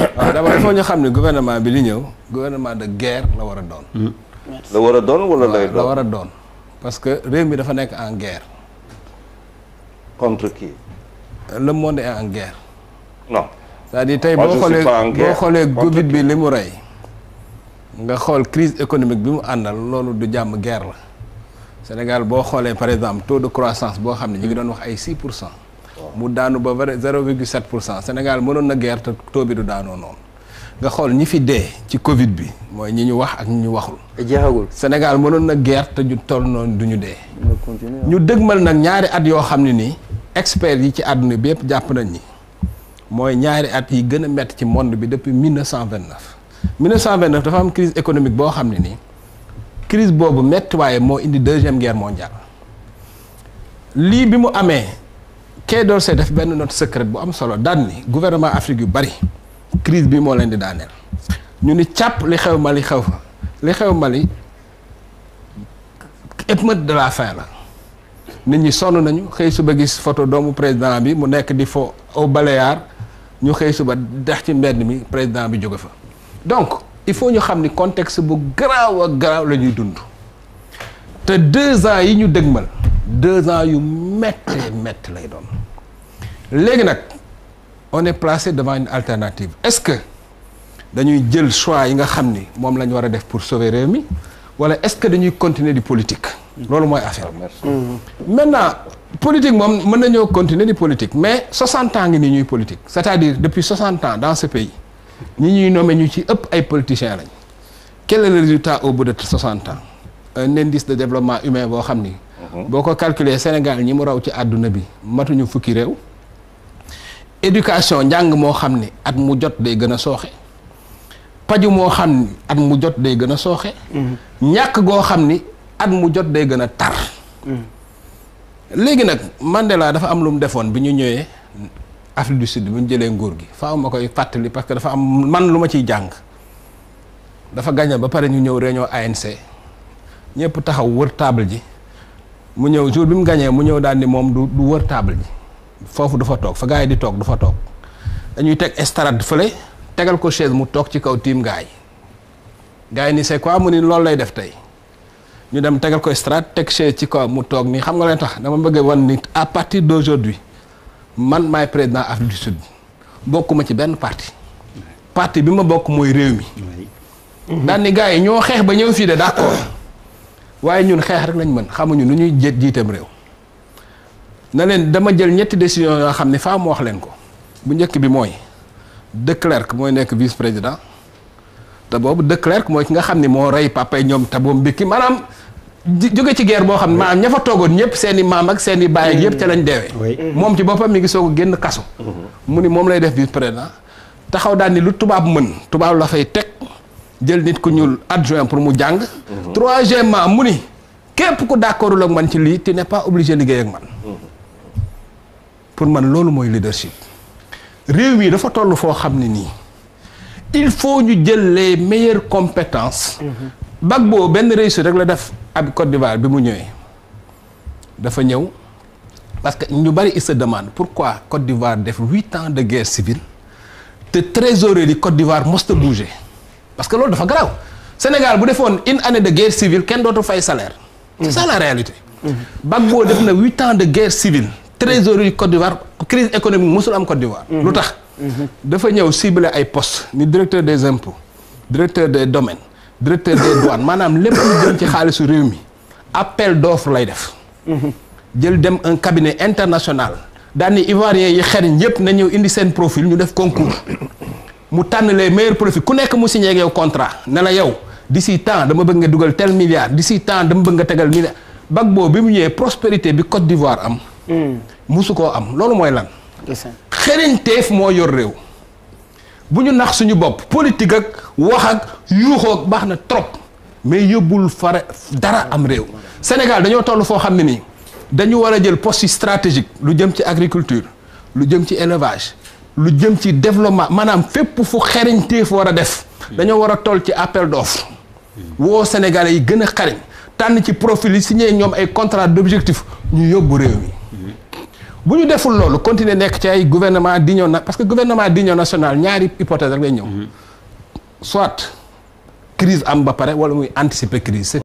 waaw ah, dama il faut ñu xam gouvernement bi li ñëw gouvernement de guerre la wara a doon. Mm. la wara a doon wala lay doon la wara a doon. parce que réew mi dafa nekk en guerre. contre qui. le monde est en guerre. non. c'est-à-dire tey boo xoolee boo xoolee Covid bi li mu rey. nga xool crise économique bi mu àndal loolu du jàmm guerre la Sénégal boo xoolee par exemple taux de croissance boo xam ne ñu ngi wax ay 6 mu daanu ba vrai 0,7 pour cent Sénégal mënoon na gerte te bi du daanoo noonu nga xool ñi fi dee ci Covid bi mooy ñi ñu wax ak ñi ñu waxul. jeexagul Sénégal mënoon na gerte te ñu toll noonu du ñu dee. ñu dëgmal nag ñaari at yoo xam ne nii experts yi ci àdduna bi yëpp jàpp nañ ñi mooy ñaari at yi gën a métti ci monde bi depuis 1929. 1929 dafa am crise économique boo xam ne nii crise boobu métti waaye moo indi deuxième guerre mondiale lii bi mu amee. kay dool see def benn note secrète bu am solo daan ni gouvernement Afrique yu bari crise bi moo leen di daaneel ñu ni càpp li xew Mali xew fa li xew Mali émeute de la faim la nit ñi sonn nañu xëy suba gis photo doomu président bi mu nekk di fo au Baléares ñu xëy suba dex ci mbenn mi président bi jóge fa donc il faut ñu xam ni contexte bu garaaw ak garaaw la ñuy dund te deux ans yi ñu dëgmal deux ans yu et mètre lay les on est placé devant une alternative est-ce que dañuy jël choix yi nga xamni mom la pour sauver rémi mi wala est-ce que dañuy continuer de politique. Maintenant, moy affaire mm-hmm. maintenant politique mom meun nañu continuer politique mais 60 ans ni ñuy politique c'est-à-dire depuis 60 ans dans ce pays ñi ñuy nommé ñu ci ëpp ay politiciens lañ quel est le résultat au bout de 60 ans un indice de développement humain bo xamni Uh-huh. boo ko calculer Sénégal ñi mu raw ci àdduna bi matuñu fukki réew éducation njàng moo xam ne at mu jot day gën a sooxe paju moo xam ni at mu jot day gën a sooxe uh-huh. ñàkk goo xam ni at mu jot day gën a tar uh-huh. léegi nag Mandela dafa am lu mu defoon bi ñu ñëwee Afrique du Sud bi ñu jëlee nguur gi faaw ma koy fàttali parce que dafa am man lu ma ciy jàng dafa gagné ba pare ñu ñëw réunion ANC ñëpp taxaw wër table ji mu ñëw jour bi mu gañee mu ñëw daal ni moom du du wër table ji foofu du fa toog fa gars yi di toog du fa toog dañuy teg estrade fële tegal ko chaise mu toog ci kaw tiim gaay yi gars ni c'est quoi mu ni loolu lay def tey ñu dem tegal ko estrade teg chaise ci kaw mu toog nii xam nga leen tax dama bëgg wan ni à partir d'aujourd'hui man maay président Afrique du Sud ma ci benn parti parti bi ma bokk mooy réew mi daan ni yi ñoo xeex ba ñëw fii de d'accord waaye ñun xeex rek lañ mën xamuñu nu ñuy jét jiitam réew na leen dama jël ñetti décision yoo xam ne faa mu wax leen ko bu njëkk bi mooy de Klerk mooy nekk vice président te boobu de Klerk mooy ki nga xam ne moo rey papay ñoom te boom bikki maanaam jóge ci geer boo xam ne maanaam ña fa toogoon ñëpp seen maam ak seen i baay yëpp ca lañ deewee mm-hmm. moom ci boppam mi gisoo soog génn kaso mm-hmm. mu ni moom lay def vice président taxaw daal ni lu tubaab mën tubaab jël nit ku ñul adjoint pour mu jang troisièmement mu ni képp ku d'accordul ak man ci li tu n'es pas obligé de ak man. pour man loolu mooy leadership. réew mi dafa toll foo xam ne il faut ñu jël les meilleures compétences. Bagbo benn réussite rek la def ab Côte d'Ivoire bi mu ñëwee dafa ñëw parce que ñu bari il se demande pourquoi Côte d'Ivoire def huit ans de guerre civile te trésorerie du Côte d'Ivoire mos bouger. bougé parce que l'autre, fait grave. Sénégal bu a une année de guerre civile kenn dootu fay salaire. c'est ça la réalité. Bagbo a na 8 ans de guerre civile. trésorerie Côte d'Ivoire crise économique musulman Côte d'Ivoire. L'autre, dafa aussi cibler ay postes ni directeur des impôts directeur des domaines directeur des douanes Madame les plus jëm ci appel d'offres. Il def. jël un cabinet international Les ivoiriens ils ont un na ils indi un concours. mu tan les meilleurs profits ku nek mu signé ak yow contrat né la yow d'ici temps dama bëgg nga duggal tel milliard d'ici temps dama bëgg nga tegal milliard bak bo bi mu ñëw prospérité bi Côte d'Ivoire am. Hmm. musu koo am lolu moy lan. xereñteef mo yor réew. bu nax suñu bop politique ak wax ak ak trop mais yebul fara dara am réew. Sénégal dañu tollu fo xamni ni dañu wara jël poste stratégique lu jëm ci agriculture lu jëm ci élevage. lu jëm ci développement maanaam fépp fu xarañteef war a def dañoo war a toll ci appel d'offre woo Sénégalais yi gën a xarañ tànn ci profil yi signé ñoom ay contrat d'objectif ñu yóbbu réew mi bu ñu deful loolu continuer nekk ci ay gouvernement d'union na parce que gouvernement ñoo nationale ñaari hypothèse rek lay ñëw soit crise am ba pare wala muy anticiper crise